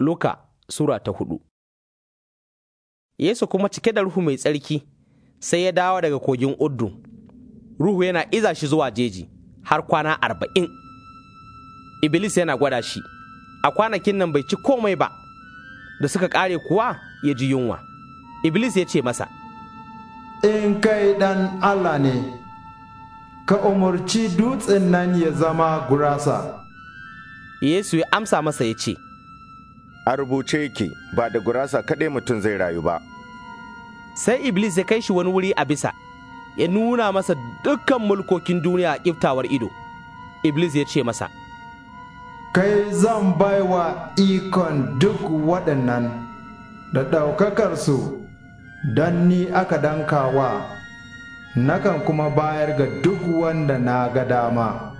Luka Sura ta hudu Yesu kuma cike da Ruhu mai tsarki sai ya dawo daga kogin Uddu, Ruhu yana iza shi zuwa jeji har kwana arba'in. Iblis yana gwada shi, a kwanakin nan bai ci komai ba, da suka ƙare kuwa ya ji yunwa. Iblis ya ce masa, In kai ɗan Allah ne, ka umarci dutsen nan ya zama gurasa. Yesu ya amsa masa ya ce, a rubuce yake ba da gurasa kaɗai mutum zai rayu ba. Sai Iblis ya kai shi wani wuri a bisa, ya nuna masa dukkan mulkokin duniya a ƙiftawar ido. Iblis ya ce masa, Kai zan baiwa ikon duk waɗannan da ɗaukakarsu don ni aka dankawa, nakan kuma bayar ga duk wanda na ga dama.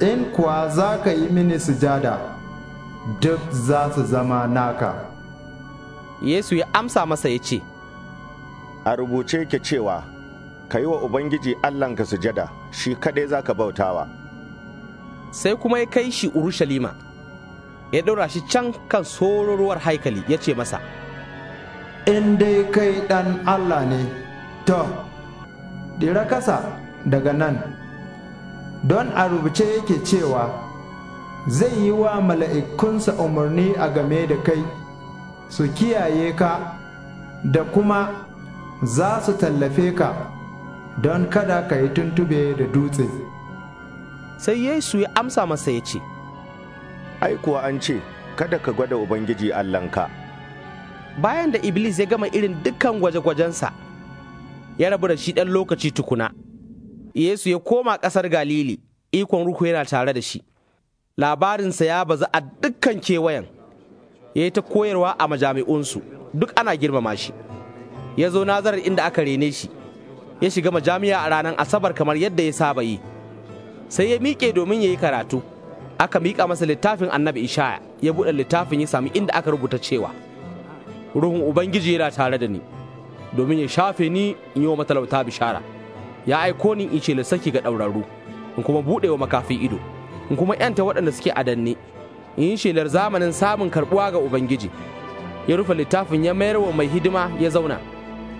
In kuwa za ka yi mini sujada. duk za su zama naka yesu ya amsa masa ya ce a rubuce ke cewa ka yi wa ubangiji allahnka sujada shi kaɗai za ka bautawa sai kuma ya kai shi urushalima ya ɗora shi can kan sororuwar haikali ya ce masa in dai kai ɗan allah ne to dira kasa daga nan don a rubuce yake cewa zai yi wa mala'ikunsa umarni a game da kai su kiyaye ka da kuma za su tallafe ka don kada ka yi tuntube da dutse sai yesu ya amsa masa ya ce ai kuwa an ce kada ka gwada ubangiji allahnka bayan da iblis ya gama irin dukkan gwaje-gwajensa ya rabu da shi ɗan lokaci tukuna yesu ya koma ƙasar galili ikon ruhu yana tare da shi labarinsa ya bazu a dukkan kewayen ya yi ta koyarwa a majami'unsu duk ana girmama shi ya zo nazarar inda aka rene shi ya shiga majami'a a ranar asabar kamar yadda ya saba yi sai ya miƙe domin ya yi karatu aka miƙa masa littafin annabi ishaya ya buɗe littafin ya sami inda aka rubuta cewa ruhun ubangiji yana tare da ni domin ya shafe ni in yi wa matalauta bishara ya aiko ni in ce lissaki ga ɗauraru in kuma buɗe wa makafi ido in kuma yanta waɗanda suke a danne in shelar zamanin samun karɓuwa ga ubangiji ya rufe littafin ya mayar wa mai hidima ya zauna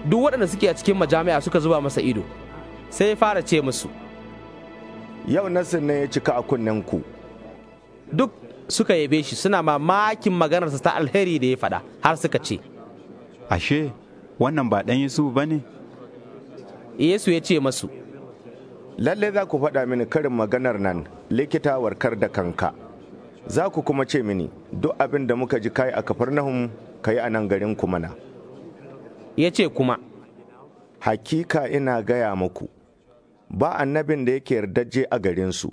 duk waɗanda suke a cikin majami'a suka zuba masa ido sai ya fara ce musu yau nasir ne ya cika a kunnen ku duk suka yabe shi suna mamakin maganarsa ta alheri da ya faɗa har suka ce ashe wannan ba ɗan yesu ba ne yesu ya ce masu Lallai za ku faɗa mini karin maganar nan likita warkar da kanka. Za ku kuma ce mini duk abin da muka ji kai a Kafarnahum ka yi a nan garin ku mana. Ya ce kuma, Hakika ina gaya muku, ba annabin da yake yardaje a garinsu,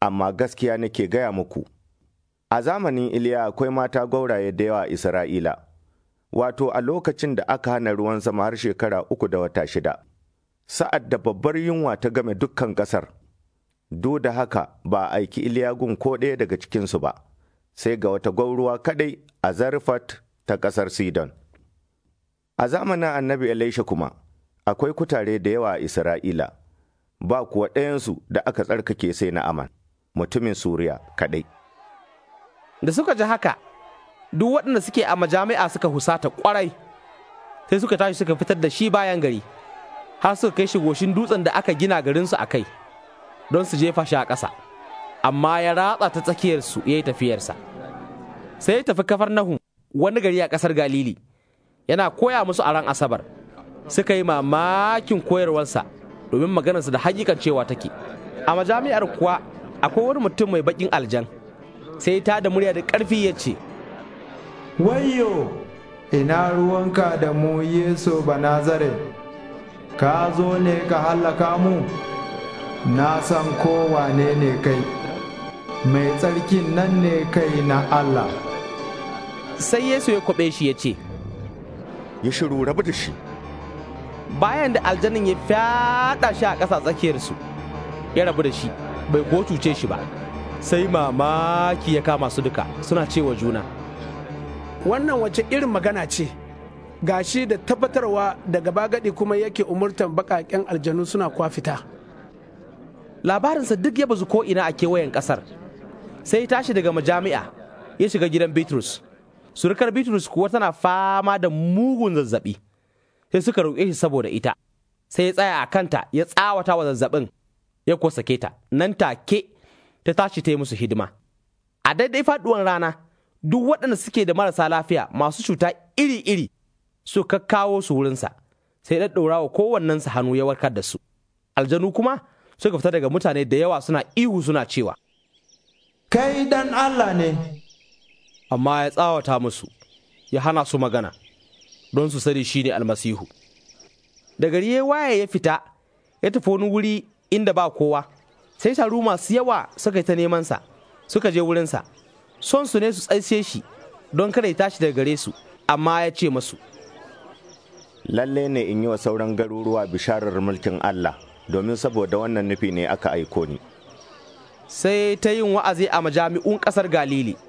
amma gaskiya nake gaya muku. A zamanin Iliya akwai mata gauraye da yawa Isra'ila, wato a lokacin da aka hana ruwan sama har shekara uku da wata shida. sa'ad da babbar yunwa ta game dukkan ƙasar. Duk da haka ba a aiki Iliyagun ko ɗaya daga cikinsu ba, sai ga wata gwauruwa kaɗai a Zarfat ta ƙasar Sidon. A zamanin annabi Elisha kuma, akwai kutare da yawa a Isra'ila, ba kuwa ɗayansu da aka tsarkake sai na aman, mutumin Suriya kaɗai. Da suka ji haka, duk waɗanda suke a majami'a suka husata ƙwarai, sai suka tashi suka fitar da shi bayan gari. har suka kai shi goshin dutsen da aka gina garinsu a kai don su jefa shi a ƙasa amma ya ratsa ta tsakiyar su ya yi tafiyarsa sai ya tafi kafar nahu wani gari a ƙasar galili yana koya musu a ran asabar suka yi mamakin koyarwarsa domin maganarsa da hakikan cewa take a majami'ar kuwa akwai wani mutum mai baƙin aljan sai ta da murya da ƙarfi ya ce wayo ina ruwanka da mu yesu banazare ka zo ne ka hallaka mu na san kowane ne kai mai tsarkin nan ne kai na Allah sai Yesu ya kwabe shi ya ce ya shiru rabu da shi bayan da aljanin ya fyaɗa shi a ƙasa tsakiyarsu ya rabu da shi bai ko cuce shi ba sai mamaki ya kama su duka suna cewa juna wannan wace irin magana ce gashi da tabbatarwa daga bagadi kuma yake umurtan bakaken aljanu suna kwafita labarinsa duk ya bazu ko ina a kewayen kasar sai tashi daga majami'a ya shiga gidan bitrus surukar bitrus kuwa tana fama da mugun zazzabi sai suka roƙe shi saboda ita sai ya tsaya a kanta ya tsawata wa zazzabin ya kuwa sake ta nan take ta tashi ta yi musu hidima a daidai faduwan rana duk waɗanda suke da marasa lafiya masu cuta iri-iri suka kawo su wurinsa sai ɗaɗɗaura wa kowannensa hannu ya warkar da su aljanu kuma suka fita daga mutane da yawa suna ihu suna cewa kai dan Allah ne amma ya tsawata musu ya hana su magana don su sani shi ne almasihu da gari ya waye ya fita ya tafi wani wuri inda ba kowa sai taru masu yawa suka yi ta nemansa suka je wurinsa son su ne su tsaise shi don kada ya tashi daga gare su amma ya ce masu lalle ne in yi wa sauran garuruwa bisharar mulkin Allah domin saboda wannan nufi ne aka aiko ni. Sai ta yin wa'azi a majami'un ƙasar Galili.